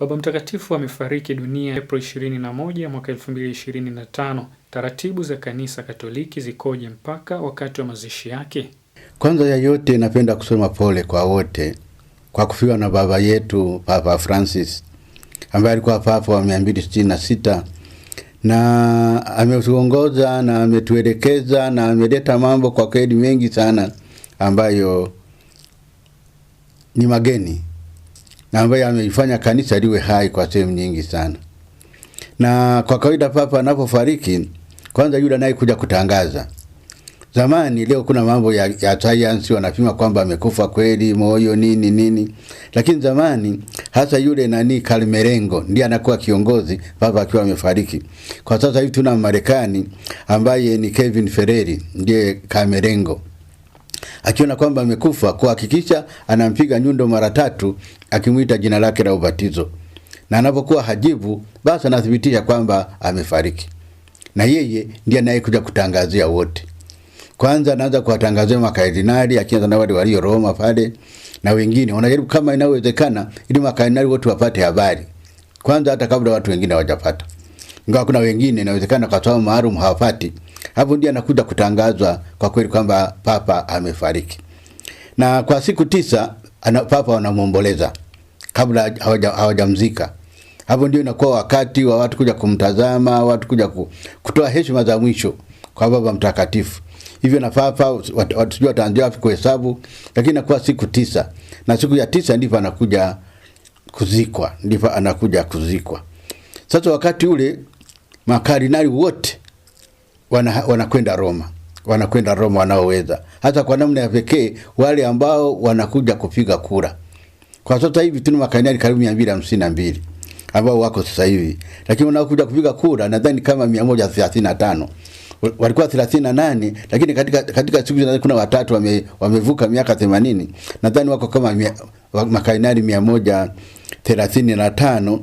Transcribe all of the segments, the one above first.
Baba Mtakatifu amefariki dunia Aprili 21 mwaka 2025. Taratibu za Kanisa Katoliki zikoje mpaka wakati wa mazishi yake? Kwanza ya yote, napenda kusema pole kwa wote kwa kufiwa na baba yetu Papa Francis ambaye alikuwa papa wa 266 na ametuongoza na ametuelekeza na ameleta mambo kwa kweli mengi sana ambayo ni mageni ambaye ameifanya kanisa liwe hai kwa sehemu nyingi sana. Na kwa kawaida papa anapofariki, kwanza yule kuja kutangaza zamani. Leo kuna mambo ya, ya sayansi wanapima kwamba amekufa kweli, moyo nini nini, lakini zamani hasa yule nani Kalmerengo ndiye anakuwa kiongozi papa akiwa amefariki. Kwa sasa hivi tuna Marekani ambaye ni Kevin Ferreri ndiye Kalmerengo akiona kwamba amekufa, kuhakikisha anampiga nyundo mara tatu akimwita jina lake la ubatizo, na anapokuwa hajibu, basi anathibitisha kwamba amefariki, na yeye ndiye anayekuja kutangazia wote. Kwanza anaanza kuwatangazia makardinali, akianza na wale walio Roma pale na wengine wanajaribu kama inawezekana, ili makardinali wote wapate habari kwanza, hata kabla watu wengine hawajapata, ingawa kuna wengine inawezekana kwa sababu maalum hawapati hapo ndio anakuja kutangazwa kwa kweli kwamba papa amefariki, na kwa siku tisa ana, papa wanamwomboleza kabla hawajamzika. hawaja. Hapo ndio inakuwa wakati wa watu kuja kumtazama, watu kuja kutoa heshima za mwisho kwa baba mtakatifu. Hivyo na papa watujua wataanzia wapi kuhesabu, lakini inakuwa siku tisa, na siku ya tisa ndipo anakuja kuzikwa, ndipo anakuja kuzikwa. Sasa wakati ule makarinali wote wanakwenda wana Roma wanakwenda Roma wanaoweza, hata kwa namna ya pekee wale ambao wanakuja kupiga kura. Kwa sasa hivi tuna makardinali karibu mia mbili hamsini na mbili ambao wako sasa hivi, lakini wanaokuja kupiga kura nadhani kama mia moja thelathini na tano walikuwa 38 lakini katika katika siku zinazo kuna watatu wame, wamevuka miaka 80 nadhani wako kama makainari 100 35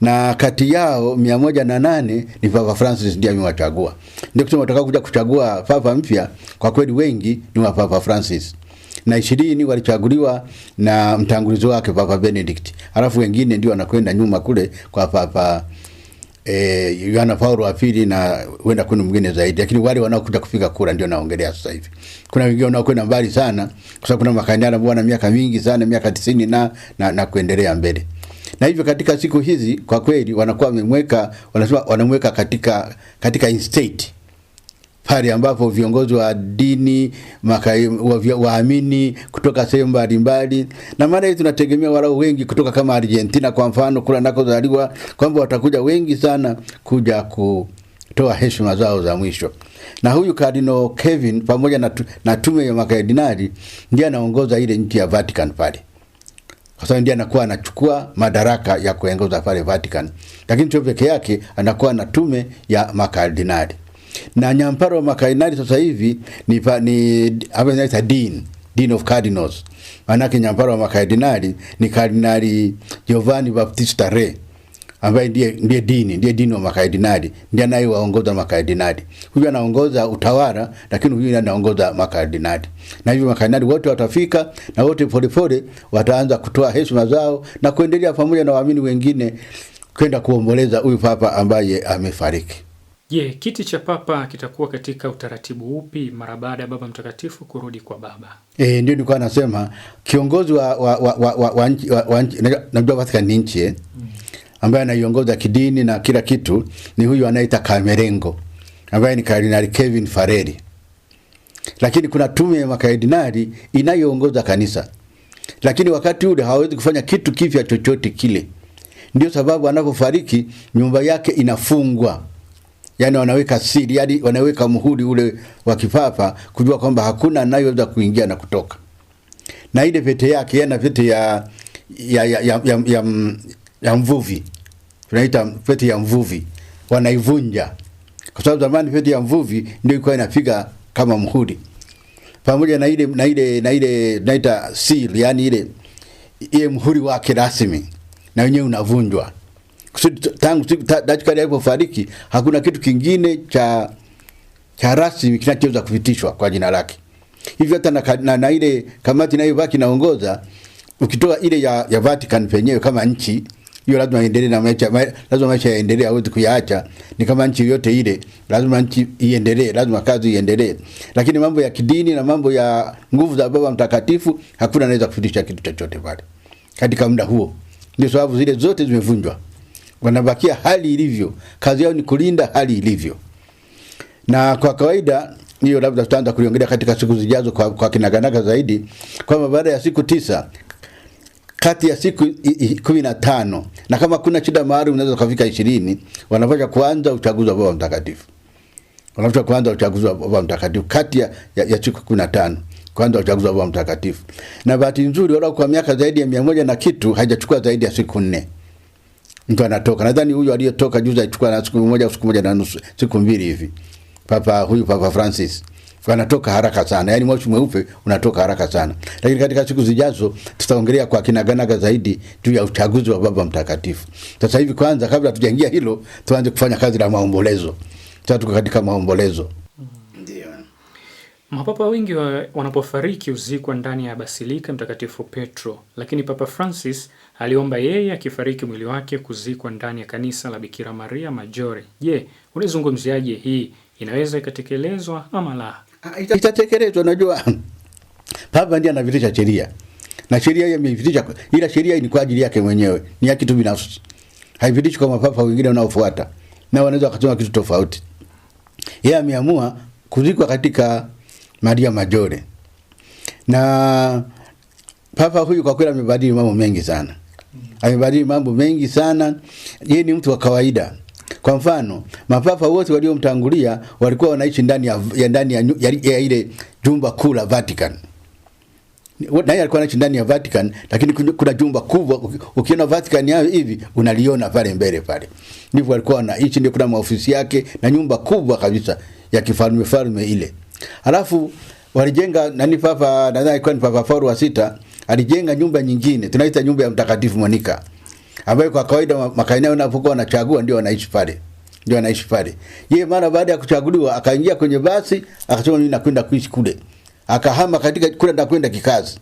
na kati yao 108 ni Papa Francis ndiye amewachagua. Ndio kusema watakaokuja kuchagua papa mpya kwa kweli wengi ni wa Papa Francis na ishirini walichaguliwa na mtangulizi wake Papa Benedict, alafu wengine ndio wanakwenda nyuma kule kwa Papa eh, Yohana eh, Paulo wa pili na wenda kuna mwingine zaidi, lakini wale wanaokuja kufika kura ndio naongelea sasa hivi. Kuna wengine wanaokwenda mbali sana, kwa sababu kuna makardinali ambao wana miaka mingi sana, miaka tisini na, na, na kuendelea mbele na hivyo katika siku hizi kwa kweli wanakuwa wamemweka wanasema wanamweka katika katika instate pale ambapo viongozi wa dini waamini wa kutoka sehemu mbalimbali, na maana hii tunategemea walau wengi kutoka kama Argentina kwa mfano, kula nakozaliwa, kwamba watakuja wengi sana kuja kutoa heshima zao za mwisho. Na huyu Cardinal Kevin pamoja na tume ya makardinali ndiye anaongoza ile nchi ya Vatican pale kwa sababu ndiye anakuwa anachukua madaraka ya kuongoza pale Vatican, lakini sio peke yake, anakuwa na tume ya makardinali na nyamparo wa makardinali sasa hivi ni, ni dean, dean of cardinals. Maanake nyamparo wa makardinali ni Kardinali Giovanni Battista Re ambaye ndiye, ndiye dini ndiye dini wa makardinali ndiye anayewaongoza makardinali. Huyu anaongoza utawala, lakini huyu anaongoza makardinali, na hivyo makardinali wote watafika na wote polepole wataanza kutoa heshima zao na kuendelea pamoja na waamini wengine kwenda kuomboleza huyu papa ambaye amefariki. Je, yeah, kiti cha papa kitakuwa katika utaratibu upi mara baada ya baba mtakatifu kurudi kwa baba? E, ndio nilikuwa nasema kiongozi wa wa wa wa, wa, wa, wa, wa, wa, wa, wa, wa, wa, wa Vatican ni nchi eh? mm ambaye anaiongoza kidini na kila kitu ni huyu anaita Kamerengo ambaye ni Kardinali Kevin Fareri. Lakini kuna tume ya makardinali inayoongoza kanisa, lakini wakati ule hawezi kufanya kitu kipya chochote kile. Ndio sababu anapofariki nyumba yake inafungwa, yani wanaweka siri, yani wanaweka muhuri ule wa kipapa, kujua kwamba hakuna anayeweza kuingia na kutoka. Na ile pete yake yana yaani pete ya ya, ya, ya, ya, ya, ya mvuvi tunaita pete ya mvuvi, wanaivunja kwa sababu zamani pete ya mvuvi ndio ilikuwa inapiga kama mhuri, pamoja na ile na ile na ile tunaita seal, yani ile ile mhuri wake rasmi, na wenyewe unavunjwa kusudi tangu siku dakika alipofariki hakuna kitu kingine cha cha rasmi kinachoweza kupitishwa kwa jina lake. Hivyo hata na, na, na ile kamati inayobaki naongoza ukitoa ile ya, ya Vatican penyewe kama nchi hiyo lazima iendelee na maisha, lazima maisha yaendelee, hawezi kuyaacha. Ni kama nchi yoyote ile, lazima nchi iendelee, lazima kazi iendelee. Lakini mambo ya kidini na mambo ya nguvu za Baba Mtakatifu hakuna anaweza kufundisha kitu chochote pale katika muda huo. Ndio sababu zile zote zimevunjwa, wanabakia hali ilivyo. Kazi yao ni kulinda hali ilivyo, na kwa kawaida hiyo labda tutaanza kuliongelea katika siku zijazo kwa, kwa kinaganaga zaidi, kwamba baada ya siku tisa kati ya siku kumi na tano na kama kuna shida maalum unaweza kufika ishirini wanapaswa kuanza uchaguzi wa Baba Mtakatifu wanapaswa kuanza uchaguzi wa Baba Mtakatifu kati ya, ya, ya siku kumi na tano kwanza uchaguzi wa Baba Mtakatifu. Na bahati nzuri wala kwa miaka zaidi ya mia moja na kitu haijachukua zaidi ya siku nne mtu anatoka. Nadhani huyu aliyetoka juzi alichukua na siku moja siku moja na nusu siku mbili hivi, papa huyu Papa Francis anatoka haraka sana, yani moshi mweupe unatoka haraka sana. Lakini katika siku zijazo tutaongelea kwa kinaganaga zaidi juu ya uchaguzi wa Baba Mtakatifu. Sasa hivi kwanza, kabla tujaingia hilo, tuanze kufanya kazi la maombolezo. Sasa tuko katika maombolezo. mapapa wengi wa, wanapofariki uzikwa ndani ya basilika Mtakatifu Petro, lakini Papa Francis aliomba yeye akifariki mwili wake kuzikwa ndani ya kanisa la Bikira Maria Majore. Je, unaizungumziaje hii? Inaweza ikatekelezwa ama la? itatekelezwa. Najua papa ndiye anavitisha sheria na sheria hiyo imevitisha ila sheria ni kwa ajili yake mwenyewe, ni yake tu binafsi, haivitishi kwa mapapa wengine wanaofuata, na wanaweza wakasema kitu tofauti. Yeye ameamua kuzikwa katika Maria Majore, na papa huyu kwa kweli amebadili mambo mengi sana, amebadili mambo mengi sana. Yeye ni mtu wa kawaida kwa mfano, mapapa wote waliomtangulia walikuwa wanaishi ndani ya, ndani ya, ya, ya ya ile jumba kuu la Vatican naye alikuwa anaishi ndani ya Vatican, lakini kuna jumba kubwa, ukiona Vatican yao hivi unaliona pale mbele pale, ndivyo alikuwa anaishi, ndio kuna maofisi yake na nyumba kubwa kabisa ya kifalme falme ile. Alafu walijenga nani, papa nadhani alikuwa ni Papa Paulo wa sita, alijenga nyumba nyingine tunaita nyumba ya Mtakatifu Monica ambaye kwa kawaida makanisa unapokuwa wanachagua ndio wanaishi pale ndio anaishi pale. Yeye mara baada ya kuchaguliwa akaingia kwenye basi akasema mimi nakwenda kuishi kule. Akahama katika kule nakwenda kikazi.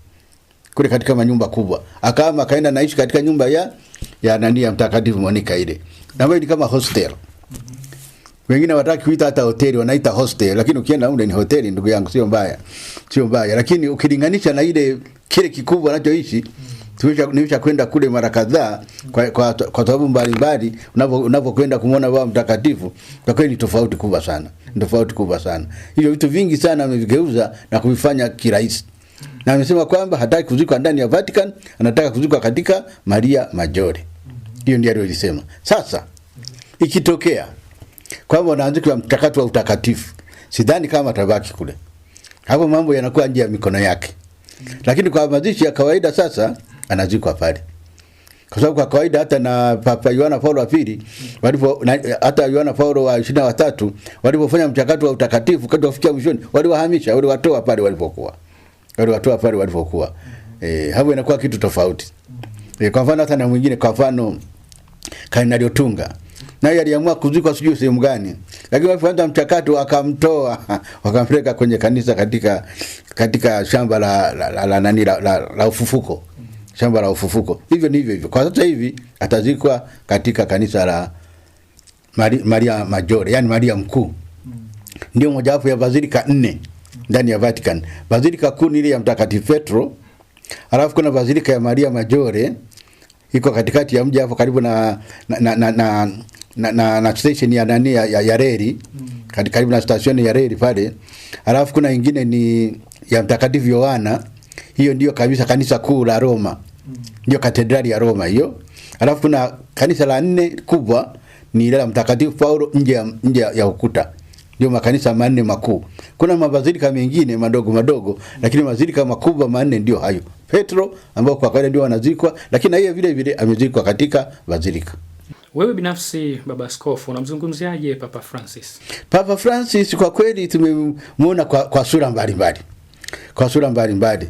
Kule katika manyumba kubwa. Akahama akaenda naishi katika nyumba ya ya nani ya mtakatifu Monica ile. Na ni kama hostel. Wengine wataki kuita hata hoteli wanaita hostel lakini ukienda ule ni hoteli ndugu yangu sio mbaya. Sio mbaya lakini ukilinganisha na ile kile kikubwa anachoishi mm -hmm nimesha kwenda kule mara kadhaa kwa, kwa, kwa sababu mbalimbali unavyokwenda kumwona baba mtakatifu kwa kweli ni tofauti kubwa sana tofauti kubwa sana hivyo vitu vingi sana amevigeuza na kuvifanya kirahisi na amesema kwamba hataki kuzikwa ndani ya Vatican anataka kuzikwa katika Maria Majore hiyo ndiyo aliyosema sasa ikitokea kwamba wanaanzikwa mchakato wa utakatifu sidhani kama atabaki kule hapo mambo yanakuwa nje ya mikono yake lakini kwa mazishi ya kawaida sasa anazikwa pale. Kwa sababu kwa kawaida hata na Papa Yohana Paulo wa pili walipo hata Yohana Paulo wa 23 walipofanya mchakato wa utakatifu kadri wafikia mwishoni waliwahamisha waliwatoa pale walipokuwa. Waliwatoa pale walipokuwa. Eh, hapo inakuwa kitu tofauti. E, kwa mfano hata na mwingine kwa mfano Kardinali Otunga naye aliamua kuzikwa sijui sehemu gani, lakini walipoanza mchakato wakamtoa wakampeleka kwenye kanisa katika katika shamba la la, la, la, nani, la, la, la ufufuko shamba la ufufuko. Hivyo ni hivyo hivyo, kwa sasa hivi atazikwa katika kanisa la Maria, Maria Majore, yani Maria Mkuu, ndio mojawapo ya bazilika nne ndani ya Vatican. Bazilika kuu ni ile ya Mtakatifu Petro, alafu kuna bazilika ya Maria Majore iko katikati ya mji hapo karibu na na, na, na, na na, na, station ya nani ya, ya, ya reli mm. karibu na station ya reli pale, alafu kuna ingine ni ya Mtakatifu Yohana, hiyo ndio kabisa kanisa kuu la Roma mm. ndio katedrali ya Roma hiyo, alafu kuna kanisa la nne kubwa ni ile la Mtakatifu Paulo nje nje ya ukuta ndio makanisa manne makuu. Kuna mabazilika mengine madogo madogo, mm. lakini mazilika makubwa manne ndio hayo. Petro ambao kwa kawaida ndio wanazikwa, lakini na yeye vile vile amezikwa katika bazilika. Wewe binafsi Baba Askofu, unamzungumziaje Papa Francis? Papa Francis kwa kweli tumemwona kwa, kwa sura mbalimbali kwa sura mbalimbali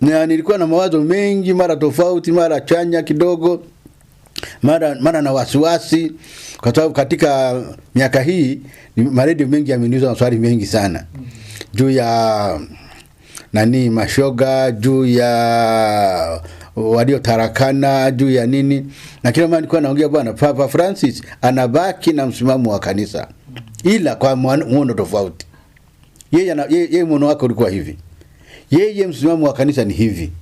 na nilikuwa na mawazo mengi, mara tofauti, mara chanya kidogo, mara mara na wasiwasi, kwa sababu katika miaka hii maredio mengi yameniuliza maswali mengi sana juu ya nani mashoga, juu ya waliotarakana juu ya nini, na kila mara nilikuwa naongea bwana, Papa Francis anabaki na msimamo wa kanisa, ila kwa muono tofauti. Yeye yeye muono wake ulikuwa hivi, yeye msimamo wa kanisa ni hivi,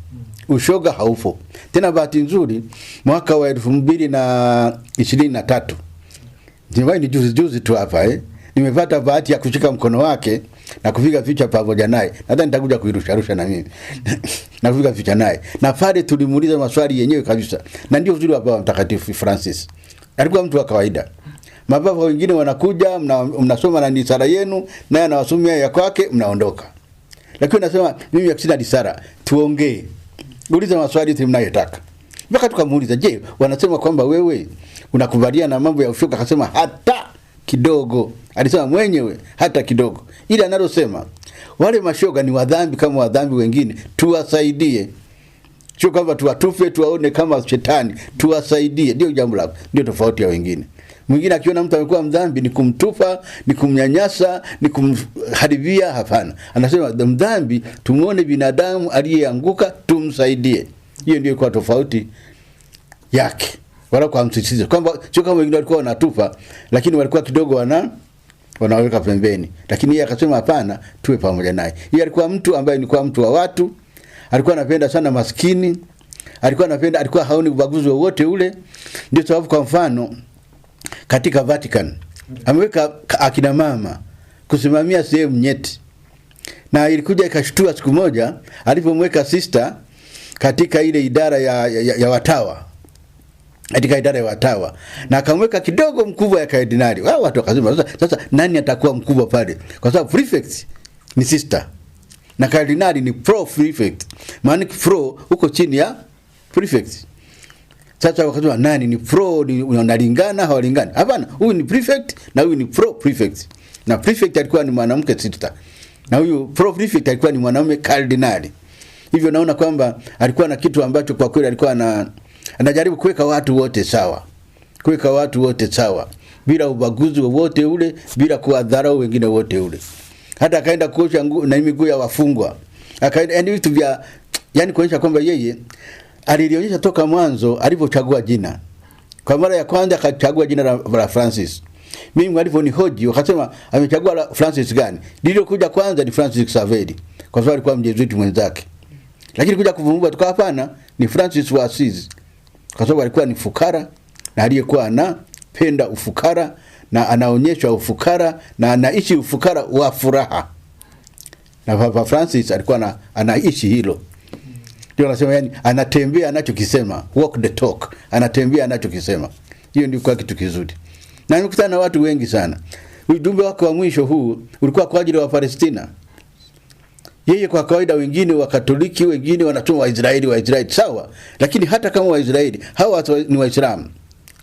ushoga haupo tena. Bahati nzuri mwaka wa elfu mbili na ishirini na tatu ni juzi juzi tu hapa eh, nimepata bahati ya kushika mkono wake na kupiga picha pamoja naye. Nadhani nitakuja kuirusha rusha na mimi na kupiga picha naye, na pale tulimuuliza maswali yenyewe kabisa, na ndio uzuri wa Baba Mtakatifu Francis. Alikuwa mtu wa kawaida. Mababa wengine wanakuja, mnasoma mna na risala yenu, naye anawasomea ya kwake, mnaondoka. Lakini nasema mimi sina risala, tuongee, uliza maswali mnayotaka mpaka tukamuuliza, je, wanasema kwamba wewe unakubaliana na mambo ya ushoga? Akasema hata kidogo. Alisema mwenyewe hata kidogo, ili analosema wale mashoga ni wadhambi kama wadhambi wengine, tuwasaidie, sio kwamba tuwatufe tuwaone kama shetani, tuwasaidie. Ndio jambo lako, ndio tofauti ya wengine. Mwingine akiona mtu amekuwa mdhambi ni kumtupa, ni kumnyanyasa, ni kumharibia. Hapana, anasema mdhambi, tumwone binadamu aliyeanguka, tumsaidie. Hiyo ndio ikuwa tofauti yake wala kwa msisitizo kwamba sio kama wengine walikuwa wanatupa, lakini walikuwa kidogo wana wanaweka pembeni, lakini yeye akasema hapana, tuwe pamoja naye. Yeye alikuwa mtu ambaye ni kwa mtu wa watu, alikuwa anapenda sana maskini, alikuwa anapenda, alikuwa haoni ubaguzi wowote ule. Ndio sababu kwa mfano katika Vatican ameweka akina mama kusimamia sehemu nyeti, na ilikuja ikashtua siku moja alipomweka sister katika ile idara ya, ya, ya watawa katika idara ya watawa na akamweka kidogo mkubwa ya kardinali. Wao watu wakasema sasa, sasa nani atakuwa mkubwa pale, kwa sababu prefect ni sister na kardinali ni pro prefect, maana pro huko chini ya prefect. Sasa wakasema nani ni pro, ni unalingana hawalingani? Hapana, huyu ni prefect na huyu ni pro prefect, na prefect alikuwa ni mwanamke sister, na huyu pro prefect alikuwa ni mwanamume kardinali. Hivyo naona kwamba alikuwa na kitu ambacho kwa kweli alikuwa na anajaribu kuweka watu wote sawa, kuweka watu wote sawa bila ubaguzi wowote ule, bila kuwadharau wengine wote ule. Hata akaenda kuosha na miguu ya wafungwa, akaenda yani vitu vya yani kuonyesha kwamba yeye alilionyesha toka mwanzo alivyochagua jina. Kwa mara ya kwanza akachagua jina la, la Francis. Mimi ni hoji wakasema amechagua la Francis gani? Lilio kuja kwanza ni Francis Xavier kwa sababu alikuwa mjezuiti mwenzake. Lakini kuja kuvumbua tukawa hapana, ni Francis wa Assisi kwa sababu alikuwa ni fukara na aliyekuwa anapenda ufukara na anaonyeshwa ufukara na anaishi ufukara wa furaha, na Papa Francis alikuwa na, anaishi hilo ndio anasema, yani anatembea anachokisema, walk the talk, anatembea anachokisema. Hiyo ndio kwa kitu kizuri, na nimekutana na watu wengi sana. Ujumbe wake wa mwisho huu ulikuwa kwa ajili ya Wapalestina. Yeye kwa kawaida, wengine wa Katoliki, wengine wanatuma Waisraeli, Waisraeli sawa, lakini hata kama Waisraeli hawa ni Waislamu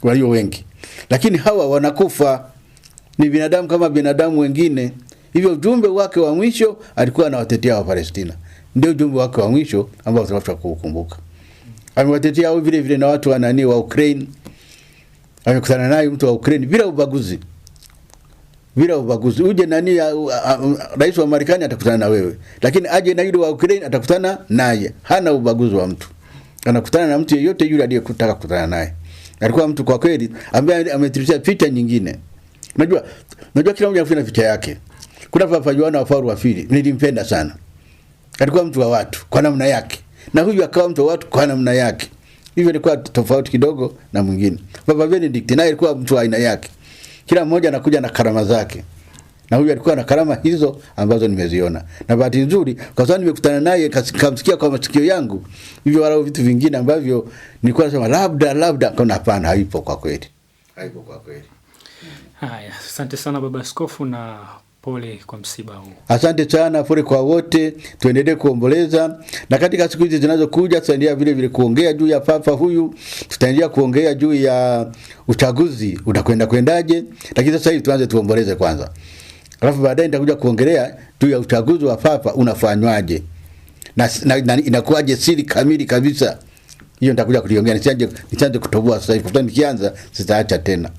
walio wengi, lakini hawa wanakufa, ni binadamu kama binadamu wengine. Hivyo ujumbe wake wa mwisho alikuwa anawatetea wa Palestina, ndio ujumbe wake wa mwisho ambao tunapaswa kukumbuka Amewatetea vile vile na watu wa nani wa Ukraine, amekutana naye mtu wa Ukraine bila ubaguzi bila ubaguzi. Uje nani ya, uh, uh, uh, rais wa Marekani atakutana na wewe, lakini aje na yule wa Ukraine atakutana naye, hana ubaguzi wa mtu, anakutana na mtu yeyote yule aliyekutaka kutana naye. Alikuwa mtu kwa kweli ambaye ametirisha picha nyingine. Najua, najua kila mmoja ana picha yake. Kuna Papa Yohana wa Paulo wa pili, nilimpenda sana. Alikuwa mtu wa watu kwa namna yake, na huyu akawa mtu wa watu kwa namna yake. Hivyo ilikuwa tofauti kidogo na mwingine. Papa Benedict naye alikuwa mtu wa aina yake kila mmoja anakuja na karama zake, na huyu alikuwa na karama hizo ambazo nimeziona, na bahati nzuri kwa sababu nimekutana naye, kamsikia kwa masikio yangu, hivyo wala vitu vingine ambavyo nilikuwa nasema labda labda, kuna hapana, haipo kwa kweli, haipo kwa kweli. Haya, asante sana baba askofu na Pole kwa msiba huu. Asante sana, pole kwa wote, tuendelee kuomboleza, na katika siku hizi zinazokuja tutaendelea vile vile kuongea juu ya papa huyu, tutaendelea kuongea juu ya uchaguzi utakwenda kwendaje, lakini sasa hivi tuanze tuomboleze kwanza, alafu baadaye nitakuja kuongelea juu ya uchaguzi wa papa unafanywaje na, na, na inakuwaje siri kamili kabisa. Hiyo nitakuja kuliongea, nisianze nisianze kutoboa sasa hivi, kwa sababu nikianza sitaacha tena.